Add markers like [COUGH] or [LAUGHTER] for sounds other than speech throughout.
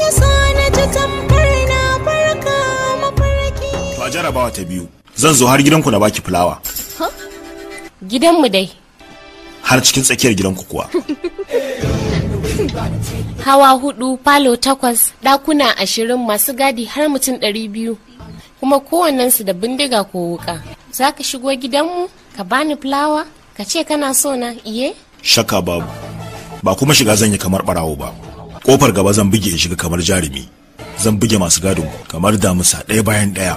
ya na ji tamfar na mafarki to a jarabawa ta biyu zan zo har gidanku na baki fulawa gidanmu dai har cikin tsakiyar gidanku kuwa [LAUGHS] hawa hudu falo takwas dakuna ashirin masu gadi har mutum ɗari biyu kuma kowannensu da bindiga ko wuka za ka shigo gidanmu ka bani fulawa ka ce kana so na iye shaka babu ba kuma shiga zan yi kamar barawo ba kofar gaba zan buge in shiga kamar jarumi zan buge masu gadon kamar damusa ɗaya bayan ɗaya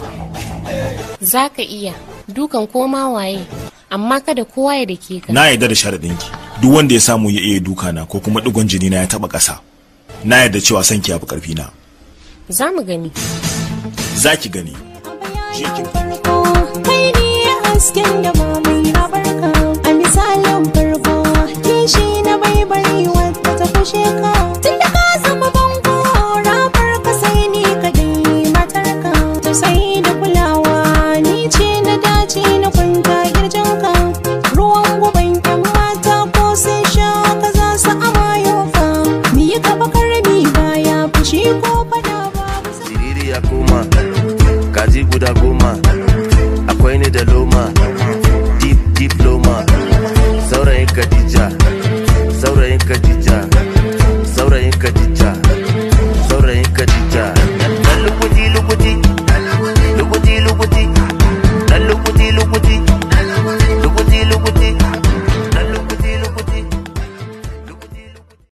za ka iya dukan koma waye amma kada kowa ya dake ka na yarda da sharaɗin ki duk wanda ya samu ya iya duka na ko kuma digon jini na ya taɓa ƙasa na yarda cewa son ki fi ƙarfi na za mu gani za ki gani je ki dace na kwanta girjanka ruwan guban yan mata ko sai sha ka za su amayo fa mi yi gaba karami baya fushi ko fada ba siriri ya koma kaji guda goma akwai ni da loma